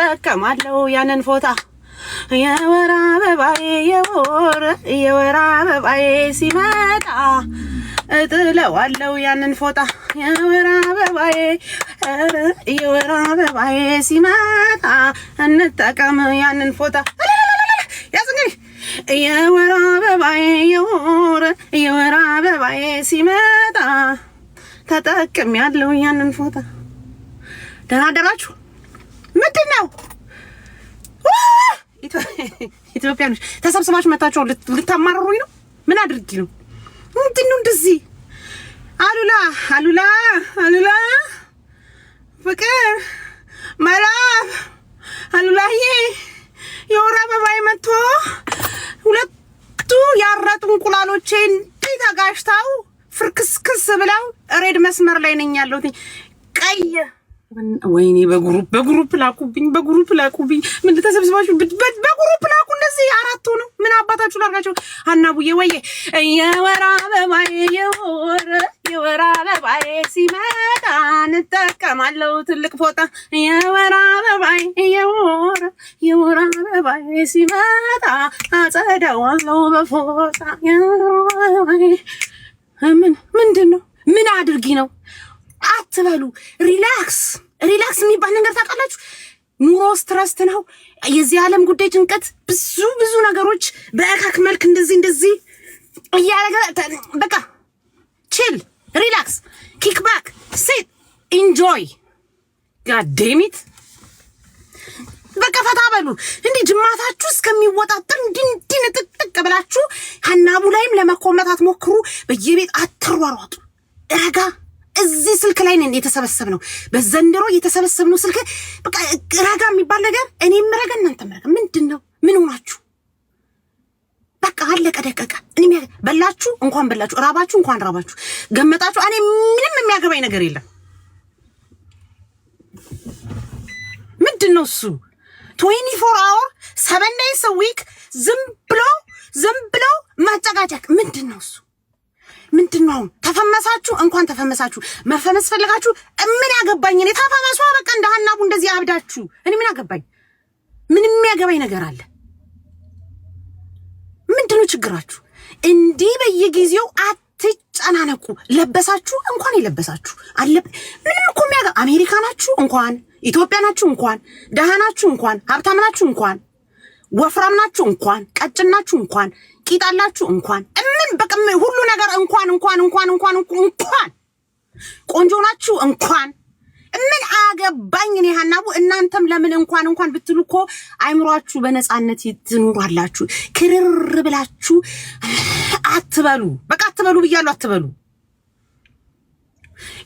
ጠቀማለው ያንን ፎታ የወር አበባዬ የወር የወር አበባዬ ሲመጣ እጥለዋለው ያንን ፎጣ የወር አበባዬ የወር አበባዬ ሲመጣ እንጠቀም ያንን ፎጣ የወር አበባዬ የወር የወር አበባዬ ሲመጣ ተጠቅም ያለው ያንን ፎጣ። ደህና አደራችሁ። ምንድን ነው? ኢትዮጵያኖች ተሰብስባችሁ መታችሁ ልታማረሩኝ ነው? ምን አድርጊ ነው? ምንድን ነው እንደዚህ? አሉላ አሉላ አሉላ ፍቅር መላብ አሉላዬ የወር አበባዬ መጥቶ ሁለቱ ያረጡ እንቁላሎቼ እንዲህ ተጋጅተው ፍርክስክስ ብለው ሬድ መስመር ላይ ነኝ ያለሁት ቀይ ወይኔ በግሩፕ በግሩፕ ላኩብኝ፣ በግሩፕ ላኩብኝ። ምን ተሰብስባችሁ በግሩፕ ላኩ። እንደዚህ አራቱ ነው ምን አባታችሁ ላርጋቸው? አናቡዬ ወየ የወር አበባዬ የወር የወር አበባዬ ሲመጣ እንጠቀማለሁ ትልቅ ፎጣ የወር አበባዬ የወር የወር አበባዬ ሲመጣ አጸዳዋለሁ በፎጣ ምን ምንድን ነው? ምን አድርጊ ነው አትበሉ። ሪላክስ ሪላክስ የሚባል ነገር ታውቃላችሁ? ኑሮ ስትረስት ነው። የዚህ ዓለም ጉዳይ ጭንቀት፣ ብዙ ብዙ ነገሮች በእካክ መልክ እንደዚህ እንደዚህ እያደረገ በቃ ቺል ሪላክስ፣ ኪክባክ፣ ሴት ኢንጆይ ጋዴሚት በቃ ፈታ በሉ። እንዲህ ጅማታችሁ እስከሚወጣጠር ድንድን ጥቅጥቅ ብላችሁ ሀናቡ ላይም ለመኮመት አትሞክሩ። በየቤት አትሯሯጡ። ረጋ እዚህ ስልክ ላይ ነን ነው። በዘንድሮ የተሰበሰብነው ስልክ በቃ ረጋ የሚባል ነገር እኔም ረጋ፣ እናንተም ረጋ። ምንድን ነው? ምን ሆናችሁ? በቃ አለቀ ደቀቀ። እኔ በላችሁ እንኳን በላችሁ፣ ራባችሁ እንኳን ራባችሁ፣ ገመጣችሁ። እኔ ምንም የሚያገባኝ ነገር የለም። ምንድን ነው እሱ ትዌንቲ ፎር አወር ሰቨን ዴይስ ዊክ ዝም ብሎ ዝም ብሎ ማጨቃጨቅ ምንድን ነው እሱ? ምንድን ነው አሁን? ተፈመሳችሁ? እንኳን ተፈመሳችሁ። መፈመስ ፈልጋችሁ ምን ያገባኝ እኔ። ተፈመሷ በቃ እንደ ሀናቡ እንደዚህ አብዳችሁ። እኔ ምን ያገባኝ? ምን የሚያገባኝ ነገር አለ? ምንድን ነው ችግራችሁ? እንዲህ በየጊዜው አትጨናነቁ። ለበሳችሁ እንኳን የለበሳችሁ አለ ምንም እኮ የሚያገባ አሜሪካ ናችሁ እንኳን ኢትዮጵያ ናችሁ እንኳን ደሃ ናችሁ እንኳን ሀብታም ናችሁ እንኳን ወፍራም ናችሁ እንኳን ቀጭን ናችሁ እንኳን ቂጣላችሁ እንኳን እምን በቅም ሁሉ ነገር እንኳን እንኳን እንኳን እንኳን እንኳን ቆንጆ ናችሁ እንኳን ምን አገባኝ እኔ ሀናቡ። እናንተም ለምን እንኳን እንኳን ብትሉ እኮ አይምሯችሁ በነፃነት ትኑራላችሁ። ክርር ብላችሁ አትበሉ። በቃ አትበሉ ብያለሁ፣ አትበሉ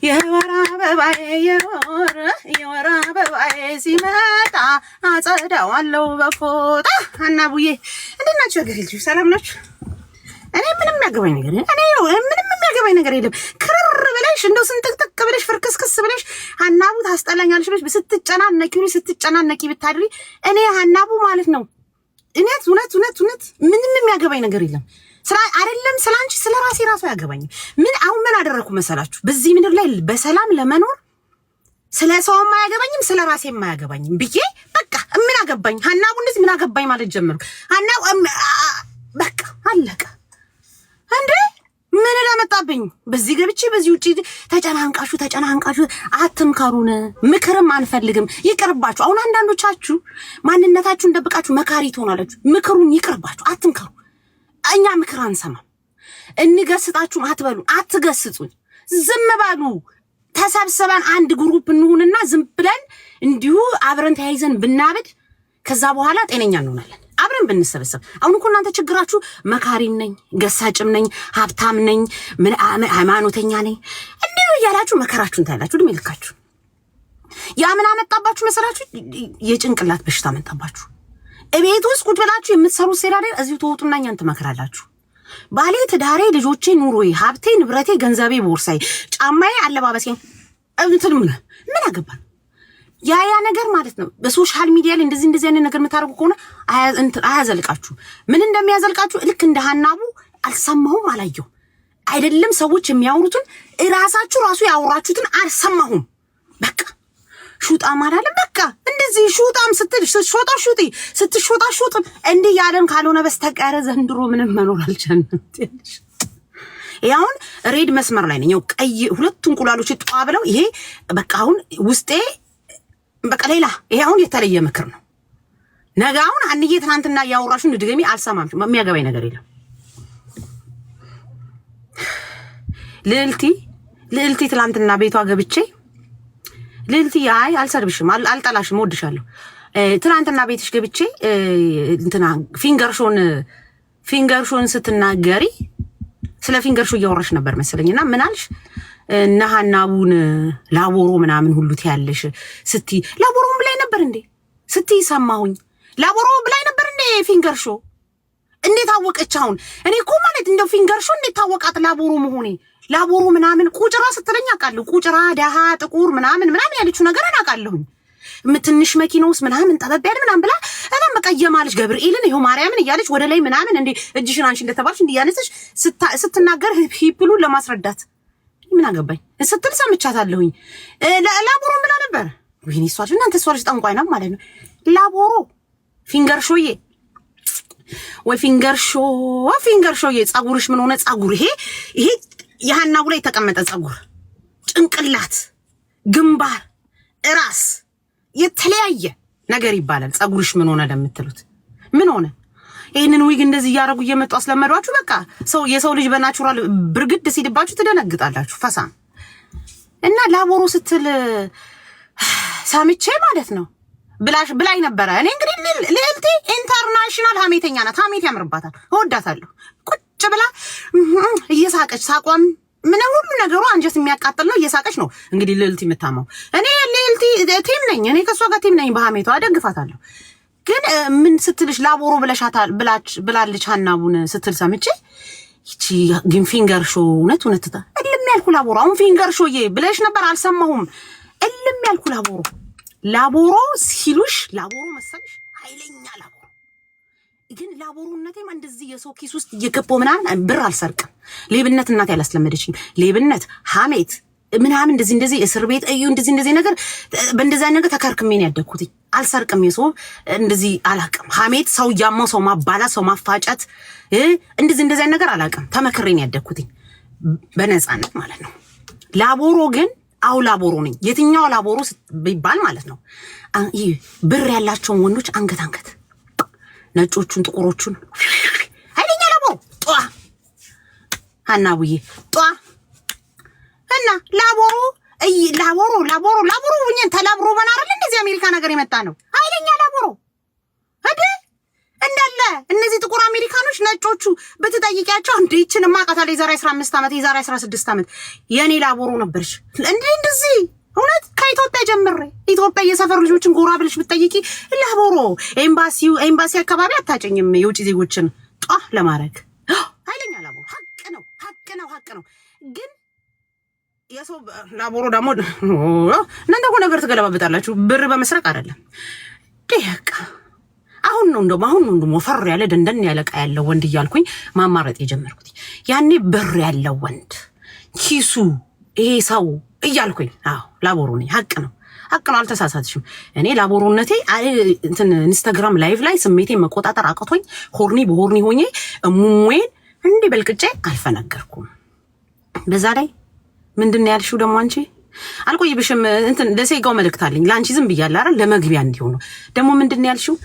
የወር አበባዬ የወር የወር አበባዬ ሲመጣ አጸዳዋለሁ በፎጣ። አናቡዬ እንዴት ናችሁ? ሀገሬ ልጆች ሰላም ናችሁ? እኔ ምንም የሚያገባኝ ነገር እኔ ምንም የሚያገባኝ ነገር የለም። ክርር ብለሽ እንደው ስንጥቅጥቅ ብለሽ ፍርክስክስ ብለሽ ሀናቡ ታስጠላኛለሽ ብለሽ ስትጨናነቂ ሁሉ ስትጨናነቂ ብታድሪ እኔ ሀናቡ ማለት ነው እውነት እውነት እውነት እውነት ምንም የሚያገባኝ ነገር የለም። ስራ አይደለም ስለ አንቺ ስለ ራሴ ራሱ አያገባኝም። ምን አሁን ምን አደረግኩ መሰላችሁ? በዚህ ምድር ላይ በሰላም ለመኖር ስለ ሰውም አያገባኝም ስለ ራሴም አያገባኝም ብዬ በቃ ምን አገባኝ ሀናቡ እንደዚህ ምን አገባኝ ማለት ጀመርኩ። ሀና በቃ አለቀ እንዴ ምን ላመጣብኝ በዚህ ገብቼ በዚህ ውጪ ተጨናንቃችሁ ተጨናንቃችሁ አትምከሩን፣ ምክርም አንፈልግም፣ ይቅርባችሁ። አሁን አንዳንዶቻችሁ ማንነታችሁን ደብቃችሁ መካሪ ትሆናላችሁ። ምክሩን ይቅርባችሁ፣ አትምከሩ። እኛ ምክር አንሰማም። እንገስጣችሁም አትበሉን፣ አትገስጹን፣ ዝም በሉ። ተሰብስበን አንድ ግሩፕ እንሁንና ዝም ብለን እንዲሁ አብረን ተያይዘን ብናብድ ከዛ በኋላ ጤነኛ እንሆናለን። አብረን ብንሰበሰብ። አሁን እኮ እናንተ ችግራችሁ መካሪም ነኝ፣ ገሳጭም ነኝ፣ ሀብታም ነኝ፣ ሃይማኖተኛ ነኝ እንዲሁ እያላችሁ መከራችሁ እንታያላችሁ። እድሜ ልካችሁ። ያ ምን አመጣባችሁ መሰላችሁ? የጭንቅላት በሽታ መጣባችሁ። እቤት ውስጥ ቁጭ ብላችሁ የምትሰሩት ሴራ ላይ እዚሁ ተወጡና እኛን ትመክራላችሁ። ባሌ፣ ትዳሬ፣ ልጆቼ፣ ኑሮዬ፣ ሀብቴ፣ ንብረቴ፣ ገንዘቤ፣ ቦርሳዬ፣ ጫማዬ፣ አለባበሴ እንትን ምን ምን አገባን? ያ ያ ነገር ማለት ነው። በሶሻል ሚዲያ ላይ እንደዚህ እንደዚህ አይነት ነገር የምታደርጉ ከሆነ አያዘልቃችሁ። ምን እንደሚያዘልቃችሁ ልክ እንደ ሀናቡ አልሰማሁም፣ አላየሁም አይደለም ሰዎች የሚያወሩትን እራሳችሁ ራሱ ያወራችሁትን አልሰማሁም። በቃ ሹጣ ማዳለም በቃ እንደዚህ ሹጣም ስትል ስትሾጣ ሹጢ ስትሾጣ ሹጥ እንዲህ ያለን ካልሆነ በስተቀረ ዘንድሮ ምንም መኖር አልቻልንም። ይሄ አሁን ሬድ መስመር ላይ ነኝ። ቀይ ሁለቱ እንቁላሎች ጧ ብለው ይሄ በቃ አሁን ውስጤ በቃ ሌላ ይሄ አሁን የተለየ ምክር ነው። ነገ አሁን አንዬ ትናንትና ያወራሽን ድገሚ አልሰማም። የሚያገባኝ ነገር የለም። ልዕልቲ ልዕልቲ ትናንትና ቤቷ ገብቼ ልልት አይ አልሰርብሽም፣ አልጠላሽም፣ ወድሻለሁ። ትናንትና ቤትሽ ገብቼ እንትና ፊንገርሾን ፊንገርሾን ስትናገሪ ስለ ፊንገርሾ ሾ እያወራሽ ነበር መሰለኝ እና ምን አልሽ? እነ ላቦሮ ምናምን ሁሉ ትያለሽ ስትይ ላቦሮም ብላይ ነበር እንዴ ስቲ ሰማሁኝ። ላቦሮ ብላይ ነበር እንዴ ፊንገር ሾ እንዴት አወቀች? አሁን እኔ እኮ ማለት እንደው ፊንገር ሾ እንዴት ታወቃት ላቦሮ መሆኔ ላቦሩ ምናምን ቁጭራ ስትለኝ አውቃለሁ። ቁጭራ ደሃ ጥቁር ምናምን ምናምን ያለችው ነገር አውቃለሁኝ። ምትንሽ መኪና ውስጥ ምናምን ጠበብ ያለ ምናምን ብላ እኔም በቃ የማለች ገብርኤልን ይኸው ማርያምን እያለች ወደ ላይ ምናምን እንዴ እጅሽን አንቺ እንደተባልሽ እንዲህ ያነሰች ስትናገር ሂፕሉን ለማስረዳት ምን አገባኝ ስትል ሰምቻታለሁኝ። ላቦሮ ምላ ነበር ወይኔ እሷ ልጅ እናንተ እሷ ልጅ ጠንቋይ ነው ማለት ነው። ላቦሮ ፊንገር ሾዬ ወይ ፊንገር ሾ ፊንገር ሾዬ ጸጉርሽ ምን ሆነ? ጸጉር ይሄ ይሄ የሀናቡ ላይ የተቀመጠ ፀጉር ጭንቅላት፣ ግንባር፣ ራስ የተለያየ ነገር ይባላል። ፀጉርሽ ምን ሆነ ለምትሉት ምን ሆነ? ይህንን ዊግ እንደዚህ እያደረጉ እየመጡ አስለመዷችሁ። በቃ ሰው የሰው ልጅ በናቹራል ብርግድ ሲልባችሁ ትደነግጣላችሁ። ፈሳም እና ላቦሮ ስትል ሰምቼ ማለት ነው ብላሽ ብላኝ ነበረ። እኔ እንግዲህ ልዕልቴ ኢንተርናሽናል ሀሜተኛ ናት። ሀሜት ያምርባታል። እወዳታለሁ። ቁጭ ብላ እየሳቀች ሳቋም ምንም ሁሉ ነገሩ አንጀት የሚያቃጥል ነው። እየሳቀች ነው እንግዲህ ልዕልት የምታማው። እኔ ልዕልት ቲም ነኝ፣ እኔ ከእሷ ጋር ቲም ነኝ። በሀሜቷ አደግፋታለሁ። ግን ምን ስትልሽ ላቦሮ ብለሻታል ብላለች ሀናቡን ስትል ሰምቼ ይቺ ግን ፊንገር ሾ እውነት እውነት እልም ያልኩ ላቦሮ። አሁን ፊንገር ሾ ሾዬ ብለሽ ነበር አልሰማሁም። እልም ያልኩ ላቦሮ ላቦሮ ሲሉሽ ላቦሮ መሰልሽ ኃይለኛ ላቦሮ ግን ላቦሩነቴም እንደዚህ የሰው ኪስ ውስጥ እየገባው ምናምን ብር አልሰርቅም። ሌብነት እናቴ አላስለመደችኝ። ሌብነት፣ ሀሜት ምናምን እንደዚህ እንደዚህ እስር ቤት እዩ እንደዚህ እንደዚህ ነገር በእንደዚህ ነገር ተከርክሜን ያደኩት አልሰርቅም። የሰው እንደዚህ አላቅም። ሀሜት፣ ሰው እያማው ሰው ማባላት፣ ሰው ማፋጨት እንደዚህ እንደዚህ ነገር አላቅም። ተመክሬን ያደኩት በነፃነት ማለት ነው። ላቦሮ ግን አው ላቦሮ ነኝ። የትኛው ላቦሮ ቢባል ማለት ነው ብር ያላቸውን ወንዶች አንገት አንገት ነጮቹን፣ ጥቁሮቹን ኃይለኛ ለቦ ጧ ሀናቡዬ ጧ እና ላቦሮ ላቦሮ ላቦሮ ላቦሮ ብኝን ተላብሮ በናረል እንደዚህ አሜሪካ ነገር የመጣ ነው። ኃይለኛ ላቦሮ እድ እንዳለ እነዚህ ጥቁር አሜሪካኖች ነጮቹ ብትጠይቂያቸው እንደ ይችን ማቃታለ የዛሬ አስራ አምስት ዓመት የዛሬ አስራ ስድስት ዓመት የእኔ ላቦሮ ነበረች እንዲህ እንደዚህ እውነት ከኢትዮጵያ ጀምሬ ኢትዮጵያ የሰፈር ልጆችን ጎራ ብለሽ ብትጠይቂ ለቦሮ ኤምባሲ አካባቢ አታጭኝም የውጭ ዜጎችን ጧ ለማድረግ ኃይለኛ ላቦ ሀቅ ነው ሀቅ ነው ሀቅ ነው ግን የሰው ላቦሮ ደግሞ እናንተ እኮ ነገር ትገለባበጣላችሁ ብር በመስረቅ አይደለም ደቃ አሁን ነው እንደውም አሁን ነው እንደውም ወፈር ያለ ደንደን ያለ ያለው ወንድ እያልኩኝ ማማረጥ የጀመርኩት ያኔ ብር ያለው ወንድ ኪሱ ይሄ ሰው እያልኩኝ አዎ ላቦሮ ነኝ። ሀቅ ነው፣ ሀቅ ነው። አልተሳሳትሽም። እኔ ላቦሮነቴ እንትን ኢንስታግራም ላይቭ ላይ ስሜቴን መቆጣጠር አቅቶኝ ሆርኒ በሆርኒ ሆኜ እሙሙዌን እንዲህ በልቅጬ አልፈነገርኩም። በዛ ላይ ምንድን ነው ያልሽው ደግሞ አንቺ? ብሽም እንትን ለሴጋው መልእክት አለኝ ለአንቺ ዝም ብያለሁ አይደል? ለመግቢያ እንዲሆኑ ደግሞ ምንድን ነው ያልሽው?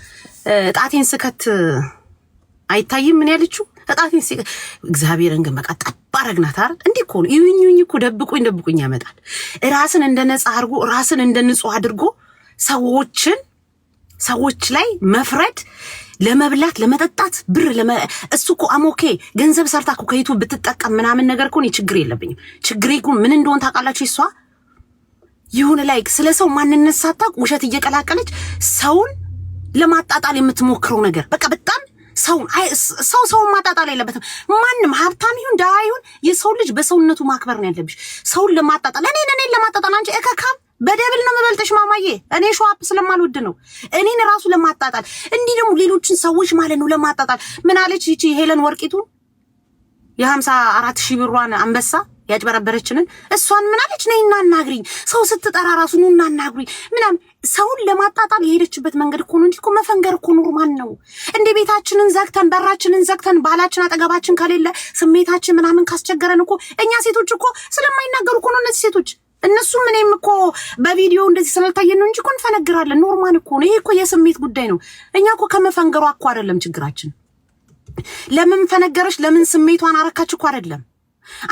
ጣቴን ስከት አይታይም ምን ያለችው ቅጣቴን ሲ እግዚአብሔርን ግን በቃ ጠብ አረግናት አይደል? እንዲህ እኮ ነው። ይሁኝ ይሁኝ እኮ ደብቁኝ ደብቁኝ ያመጣል። ራስን እንደ ነጻ አድርጎ ራስን እንደ ንጹህ አድርጎ ሰዎችን ሰዎች ላይ መፍረድ ለመብላት ለመጠጣት ብር እሱ እኮ አሞኬ ገንዘብ ሰርታ እኮ ከይቱ ብትጠቀም ምናምን ነገር እኮ ከሆነ ችግር የለብኝም። ችግሬ እኮ ምን እንደሆነ ታውቃላችሁ? እሷ ይሁን ላይክ ስለ ሰው ማንነት ሳታውቅ ውሸት እየቀላቀለች ሰውን ለማጣጣል የምትሞክረው ነገር በቃ በጣም ሰው ሰውን ማጣጣል የለበትም። ማንም ሀብታም ይሁን ድሃ ይሁን የሰው ልጅ በሰውነቱ ማክበር ነው ያለብሽ። ሰውን ለማጣጣል እኔን እኔን ለማጣጣል አንቺ እከካም በደብል ነው የምበልጥሽ ማማዬ። እኔ ሸዋፕ ስለማልወድ ነው እኔን ራሱ ለማጣጣል እንዲህ ደግሞ ሌሎችን ሰዎች ማለት ነው ለማጣጣል። ምን አለች ይቺ ሄለን ወርቂቱ የሀምሳ አራት ሺህ ብሯን አንበሳ ያጭበረበረችንን እሷን ምን አለች? ነይ እናናግሪኝ ሰው ስትጠራ ራሱ ኑ እናናግሪኝ ምናምን ሰውን ለማጣጣል የሄደችበት መንገድ እኮ ነው እንጂ እኮ መፈንገር እኮ ኖርማል ነው እንደ ቤታችንን ዘግተን በራችንን ዘግተን ባላችን አጠገባችን ከሌለ ስሜታችን ምናምን ካስቸገረን እኮ እኛ ሴቶች እኮ ስለማይናገሩ እኮ ነው እነዚህ ሴቶች እነሱም እኔም እኮ በቪዲዮ እንደዚህ ስላልታየን ነው እንጂ እኮ እንፈነግራለን ኖርማል እኮ ነው ይሄ እኮ የስሜት ጉዳይ ነው እኛ እኮ ከመፈንገሯ እኮ አይደለም ችግራችን ለምን ፈነገረች ለምን ስሜቷን አረካች እኮ አይደለም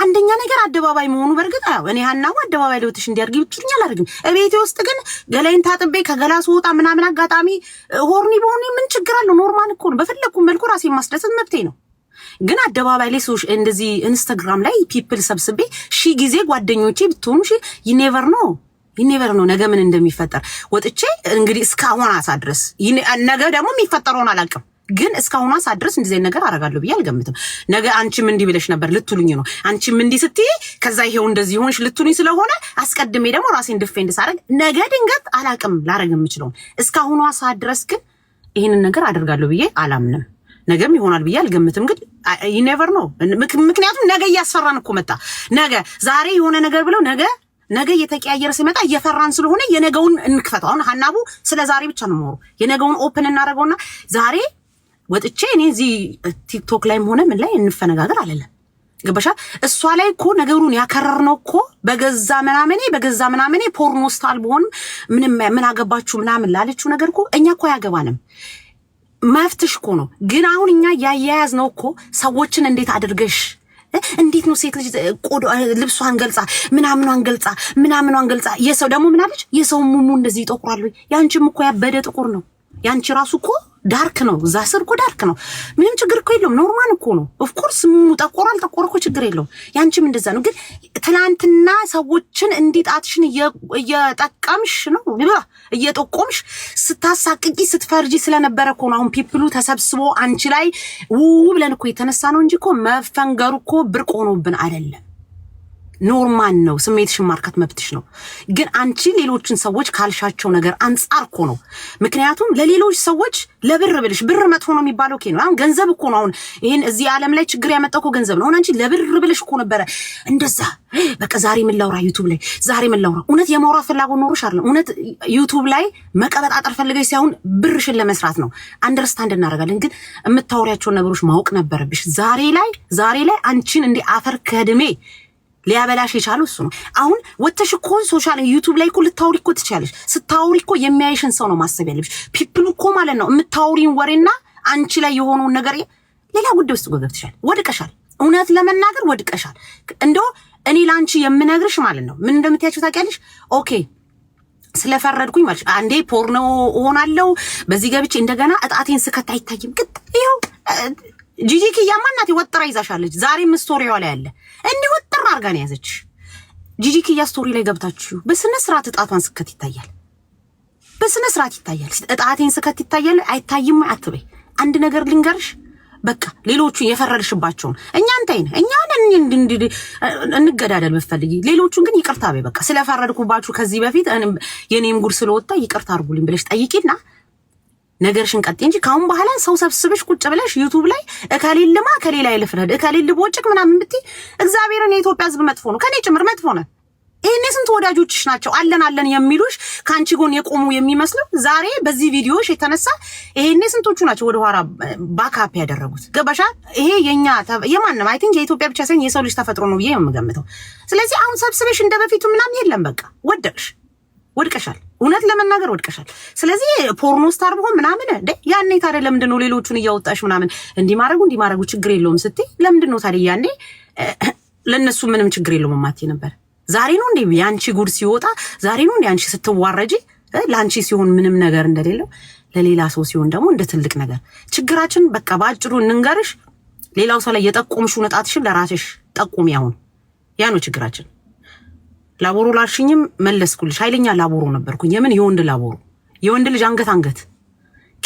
አንደኛ ነገር አደባባይ መሆኑ በእርግጥ ያው እኔ ሀናቡ አደባባይ ልወትሽ እንዲያርግ ብችልኝ አላርግም። እቤቴ ውስጥ ግን ገላይን ታጥቤ ከገላ ስወጣ ምናምን አጋጣሚ ሆርኒ በሆኑ ምን ችግር አለው? ኖርማል እኮ ነው። በፈለግኩ መልኩ ራሴ ማስደሰት መብቴ ነው። ግን አደባባይ ላይ ሰዎች እንደዚህ ኢንስታግራም ላይ ፒፕል ሰብስቤ ሺ ጊዜ ጓደኞቼ ብትሆኑ ሺ ይኔቨር ነው ይኔቨር ነው ነገ ምን እንደሚፈጠር ወጥቼ እንግዲህ እስካሁን አሳድረስ ድረስ ነገ ደግሞ የሚፈጠረውን አላውቅም ግን እስካሁኗ አሳ ድረስ እንደዚህ ነገር አደርጋለሁ ብዬ አልገምትም። ነገ አንቺም እንዲህ ብለሽ ነበር ልትሉኝ ነው፣ አንቺም እንዲህ ስትይ ከዛ ይሄው እንደዚህ ሆንሽ ልትሉኝ ስለሆነ አስቀድሜ ደግሞ ራሴን ድፌንድ ሳደርግ ነገ ድንገት አላቅም ላደርግ የምችለውን እስካሁኗ አሳ ድረስ ግን ይህንን ነገር አደርጋለሁ ብዬ አላምንም። ነገም ይሆናል ብዬ አልገምትም። ግን ይኔቨር ነው። ምክንያቱም ነገ እያስፈራን እኮ መጣ። ነገ ዛሬ የሆነ ነገር ብለው ነገ ነገ እየተቀያየረ ሲመጣ እየፈራን ስለሆነ የነገውን እንክፈተው። አሁን ሀናቡ ስለ ዛሬ ብቻ ነው የነገውን ኦፕን እናደርገውና ዛሬ ወጥቼ እኔ እዚህ ቲክቶክ ላይም ሆነ ምን ላይ እንፈነጋገር አለለም። ገበሻ እሷ ላይ እኮ ነገሩን ያከረር ነው እኮ በገዛ ምናምኔ በገዛ ምናምኔ ፖርኖ ስታል በሆን ምንም ምን አገባችሁ ምናምን ላለችው ነገር እኮ እኛ እኮ አያገባንም። መፍትሽ እኮ ነው። ግን አሁን እኛ ያያያዝ ነው እኮ ሰዎችን እንዴት አድርገሽ እንዴት ነው ሴት ልጅ ቆዶ ልብሷን ገልጻ ምናምኗን ገልጻ ምናምኗን ገልጻ የሰው ደግሞ ምናለች የሰው ሙሙ እንደዚህ ይጠቁራሉ። ያንቺም እኮ ያበደ ጥቁር ነው። ያንቺ ራሱ እኮ ዳርክ ነው። እዛ ስር እኮ ዳርክ ነው። ምንም ችግር እኮ የለውም። ኖርማል እኮ ነው። ኦፍኮርስ ጠቆረ አልጠቆረ እኮ ችግር የለውም። ያንቺም እንደዛ ነው። ግን ትናንትና ሰዎችን እንዲህ ጣትሽን እየጠቀምሽ ነው እየጠቆምሽ ስታሳቅቂ ስትፈርጂ ስለነበረ እኮ ነው። አሁን ፒፕሉ ተሰብስቦ አንቺ ላይ ውው ብለን እኮ የተነሳ ነው እንጂ እኮ መፈንገሩ እኮ ብርቅ ሆኖብን አይደለም። ኖርማል ነው። ስሜትሽን ማርካት መብትሽ ነው። ግን አንቺ ሌሎችን ሰዎች ካልሻቸው ነገር አንጻር እኮ ነው። ምክንያቱም ለሌሎች ሰዎች ለብር ብልሽ ብር መጥፎ ነው የሚባለው ኬ ነው። አሁን ገንዘብ እኮ ነው። አሁን ይህን እዚህ ዓለም ላይ ችግር ያመጣው እኮ ገንዘብ ነው። አሁን አንቺ ለብር ብልሽ እኮ ነበረ እንደዛ በቃ ዛሬ ምን ላውራ ዩቱብ ላይ ዛሬ ምን ላውራ። እውነት የማውራት ፍላጎት ኖሮሽ አይደለም። እውነት ዩቱብ ላይ መቀበጣጠር ፈልገሽ ሳይሆን ብርሽን ለመስራት ነው። አንደርስታንድ እናደርጋለን። ግን የምታወሪያቸውን ነገሮች ማወቅ ነበረብሽ። ዛሬ ላይ ዛሬ ላይ አንቺን እንደ አፈር ከድሜ ሊያበላሽ የቻለው እሱ ነው። አሁን ወተሽ እኮ ሶሻል ዩቱብ ላይ እኮ ልታውሪ እኮ ትችላለሽ። ስታውሪ እኮ የሚያይሽን ሰው ነው ማሰብ ያለብሽ። ፒፕል እኮ ማለት ነው የምታውሪን ወሬና አንቺ ላይ የሆነውን ነገር ሌላ ጉዳይ ውስጥ ገብተሻል። ወድቀሻል። እውነት ለመናገር ወድቀሻል። እንደው እኔ ለአንቺ የምነግርሽ ማለት ነው ምን እንደምትያቸው ታውቂያለሽ? ኦኬ ስለፈረድኩኝ ማለት አንዴ ፖርኖ እሆናለሁ በዚህ ገብቼ እንደገና እጣቴን ስከት አይታይም። ግጥ ይኸው ጂጂ ኪያማ ወጥራ ይዛሻለች። ዛሬም ስቶሪዋ ላይ ያለ እንዲህ አርጋ ነው የያዘችሽ። ጂጂ ስቶሪ ላይ ገብታችሁ በስነ ስርዓት እጣቷን ስከት ይታያል፣ በስነ ስርዓት ይታያል። እጣቴን ስከት ይታያል አይታይም አትበይ። አንድ ነገር ልንገርሽ፣ በቃ ሌሎቹ የፈረድሽባቸውን እኛ አንተይን እኛ እንገዳደል ብትፈልጊ፣ ሌሎቹን ግን ይቅርታ በይ። በቃ ስለፈረድኩባችሁ ከዚህ በፊት የኔም ጉድ ስለወጣ ይቅርታ አርጉልኝ ብለሽ ጠይቂና ነገርሽን ቀጥ እንጂ ካሁን በኋላ ሰው ሰብስበሽ ቁጭ ብለሽ ዩቱብ ላይ እከሌን ልማ እከሌ ላይ ልፍረድ እከሌን ልቦጭቅ ምናምን ብትይ እግዚአብሔርን የኢትዮጵያ ህዝብ መጥፎ ነው፣ ከኔ ጭምር መጥፎ ነው። ይህን የስንት ወዳጆችሽ ናቸው አለን አለን የሚሉሽ ከአንቺ ጎን የቆሙ የሚመስሉ ዛሬ በዚህ ቪዲዮሽ የተነሳ ይሄን ስንቶቹ ናቸው ወደኋላ ባካፕ ያደረጉት? ገባሻ? ይሄ የኛ የማንም አይ ቲንክ የኢትዮጵያ ብቻ ሳይሆን የሰው ልጅ ተፈጥሮ ነው ብዬ የምገምተው። ስለዚህ አሁን ሰብስበሽ እንደ በፊቱ ምናምን የለም። በቃ ወደቅሽ። ወድቀሻል። እውነት ለመናገር ወድቀሻል። ስለዚህ ፖርኖ ስታር ብሆን ምናምን እንደ ያኔ ታዲያ ለምንድን ነው ሌሎቹን እያወጣሽ ምናምን እንዲማረጉ እንዲማረጉ ችግር የለውም ስትይ ለምንድን ነው ታዲያ ያኔ ለእነሱ ምንም ችግር የለውም የማትይ ነበር? ዛሬ ነው እንዴ የአንቺ ጉድ ሲወጣ? ዛሬ ነው እንዴ አንቺ ስትዋረጂ ለአንቺ ሲሆን ምንም ነገር እንደሌለው ለሌላ ሰው ሲሆን ደግሞ እንደ ትልቅ ነገር። ችግራችን በቃ በአጭሩ እንንገርሽ። ሌላው ሰው ላይ የጠቆምሽው ነጣትሽን ለራስሽ ጠቁሚ። አሁን ያ ነው ችግራችን። ላቦሮ ላልሽኝም መለስኩልሽ። ኃይለኛ ላቦሮ ነበርኩኝ። የምን የወንድ ላቦሮ፣ የወንድ ልጅ አንገት አንገት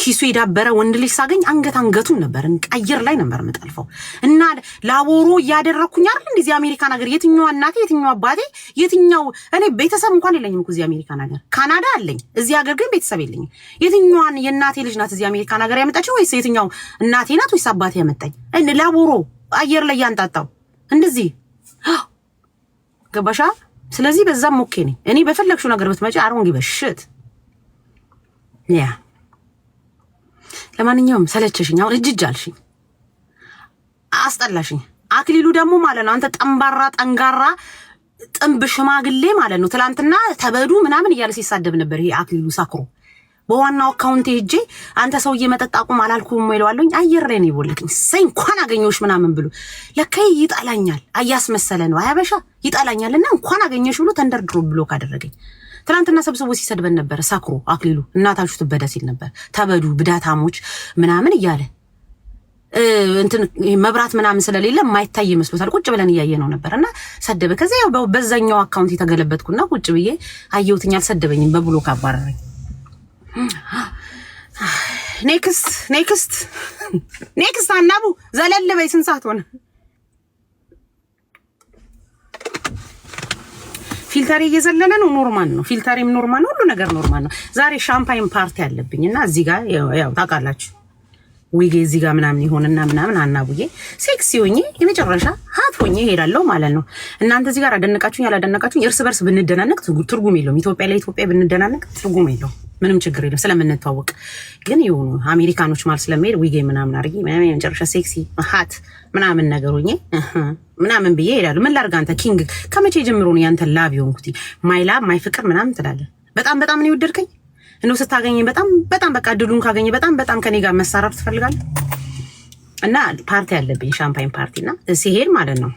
ኪሱ የዳበረ ወንድ ልጅ ሳገኝ አንገት አንገቱን ነበር አየር ላይ ነበር የምጠልፈው እና ላቦሮ እያደረግኩኝ አይደል እንደዚህ አሜሪካን ሀገር የትኛው እናቴ የትኛው አባቴ የትኛው እኔ ቤተሰብ እንኳን የለኝም እኮ እዚህ አሜሪካን ሀገር ካናዳ አለኝ እዚህ ሀገር ግን ቤተሰብ የለኝም የትኛዋን የእናቴ ልጅ ናት እዚህ አሜሪካን ሀገር ያመጣችው ወይስ የትኛው እናቴ ናት ወይስ አባቴ ያመጣኝ ላቦሮ አየር ላይ ያንጣጣው እንደዚህ ገባሻ ስለዚህ በዛም ሞኬ ነኝ እኔ። በፈለግሽው ነገር ብትመጪ አሮንግ ይበሽት ያ ለማንኛውም ሰለቸሽኝ። አሁን እጅ አልሽኝ፣ አስጠላሽኝ። አክሊሉ ደግሞ ማለት ነው አንተ ጠንባራ ጠንጋራ ጥንብ ሽማግሌ ማለት ነው። ትላንትና ተበዱ ምናምን እያለ ሲሳደብ ነበር ይሄ አክሊሉ ሳክሮ በዋናው አካውንቴ ሄጄ አንተ ሰውዬ መጠጥ አቁም አላልኩም ይለዋለኝ። አየር ላይ ነው የቦለቀኝ። ሰይ እንኳን አገኘሽ ምናምን ብሎ ለካ ይጠላኛል። አያስመሰለ ነው አያበሻ ይጠላኛል። እና እንኳን አገኘሽ ብሎ ተንደርድሮ ብሎ ካደረገኝ ትናንትና ሰብስቦ ሲሰድበን ነበር። ሳክሮ አክሊሉ እናታችሁ ትበዳ ሲል ነበር። ተበዱ ብዳታሞች ምናምን እያለ እንትን መብራት ምናምን ስለሌለ ማይታይ ይመስሎታል። ቁጭ ብለን እያየ ነው ነበር እና ሰደበ። ከዚያ ያው በዛኛው አካውንት የተገለበጥኩና ቁጭ ብዬ አየሁትኝ። አልሰደበኝም፣ በብሎክ አባረረኝ። ኔክስት ኔክስት ኔክስት። አናቡ ዘለል በይ። ስንት ሰዓት ሆነ? ፊልተሬ እየዘለለ ነው። ኖርማል ነው። ፊልተሬም ኖርማል ነው። ሁሉ ነገር ኖርማል ነው። ዛሬ ሻምፓይን ፓርቲ አለብኝ እና እዚህ ጋር ያው ታውቃላችሁ ዊጌ እዚህ ጋር ምናምን ይሆንና ምናምን አናቡዬ ሴክሲ ሆኜ የመጨረሻ ሀት ሆኜ እሄዳለሁ ማለት ነው። እናንተ እዚህ ጋር አደነቃችሁኝ ያላደነቃችሁኝ እርስ በርስ ብንደናነቅ ትርጉም የለውም። ኢትዮጵያ ለኢትዮጵያ ብንደናነቅ ትርጉም የለውም። ምንም ችግር የለም ስለምንተዋወቅ። ግን የሆኑ አሜሪካኖች ማለት ስለሚሄድ ዊጌ ምናምን አርጊ ምናምን የመጨረሻ ሴክሲ ሀት ምናምን ነገሩ ምናምን ብዬ ይሄዳሉ። ምን ላርግ አንተ ኪንግ ከመቼ ጀምሮ ነው ያንተ ላብ የሆንኩት? ማይ ላብ ማይ ፍቅር ምናምን ትላለህ። በጣም በጣም ነው የወደድከኝ። እንደው ስታገኘ በጣም በጣም በቃ እድሉን ካገኘ በጣም በጣም ከኔ ጋር መሳረር ትፈልጋለህ። እና ፓርቲ አለብኝ ሻምፓኝ ፓርቲ እና ሲሄድ ማለት ነው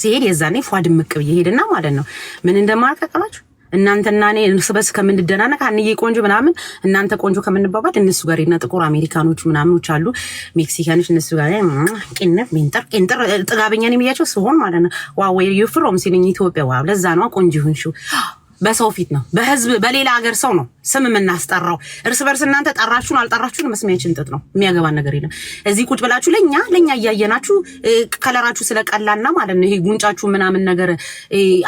ሲሄድ የዛኔ ፏድ ድምቅ እየሄድና ማለት ነው ምን እንደማቀቀላችሁ እናንተና እኔ እርስ በርስ ከምንደናነቅ አንዬ ቆንጆ ምናምን እናንተ ቆንጆ ከምንባባል እነሱ ጋር እና ጥቁር አሜሪካኖች ምናምኖች አሉ ሜክሲካኖች እነሱ ጋር ቅንፍ ሚንጠር ቅንጥር ጥጋበኛን የሚያቸው ሲሆን ማለት ነው። ዋው ዩ ፍሮም ሲልኝ ኢትዮጵያ ዋ ለዛ ነዋ ቆንጆ ይሁን። በሰው ፊት ነው፣ በህዝብ በሌላ ሀገር ሰው ነው ስም የምናስጠራው እርስ በርስ እናንተ ጠራችሁን አልጠራችሁን መስሚያችን ችንጥጥ ነው። የሚያገባን ነገር የለም። እዚህ ቁጭ ብላችሁ ለኛ ለኛ እያየናችሁ ከለራችሁ ስለቀላና ማለት ነው ይሄ ጉንጫችሁ ምናምን ነገር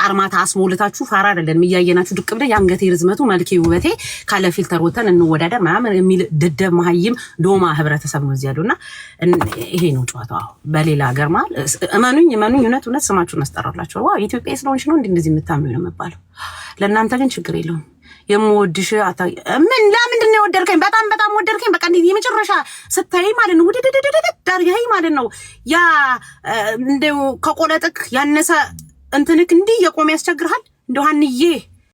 አርማታ አስሞልታችሁ ፋራ አይደለም እያየናችሁ ድቅ ብለ የአንገቴ ርዝመቱ መልኬ ውበቴ ካለ ፊልተር ወተን እንወዳደር ምናምን የሚል ድደብ መሀይም ዶማ ህብረተሰብ ነው እዚህ ያለውና ይሄ ነው ጨዋታ። በሌላ ሀገር ማል እመኑኝ እመኑኝ እውነት እውነት ስማችሁን አስጠራላችሁ። ዋው ኢትዮጵያ ስለሆንሽ ነው እንደዚህ የምታምኑ ነው የሚባለው። ለእናንተ ግን ችግር የለውም። የምወድሽ ምን ለምንድን ነው የወደድከኝ? በጣም በጣም ወደድከኝ። በቃ የመጨረሻ ስታይ ማለት ነው ውድድድድድድዳርያይ ማለት ነው ያ እንደው ከቆለጥክ ያነሰ እንትንክ እንዲህ የቆመ ያስቸግርሃል እንደው ሀንዬ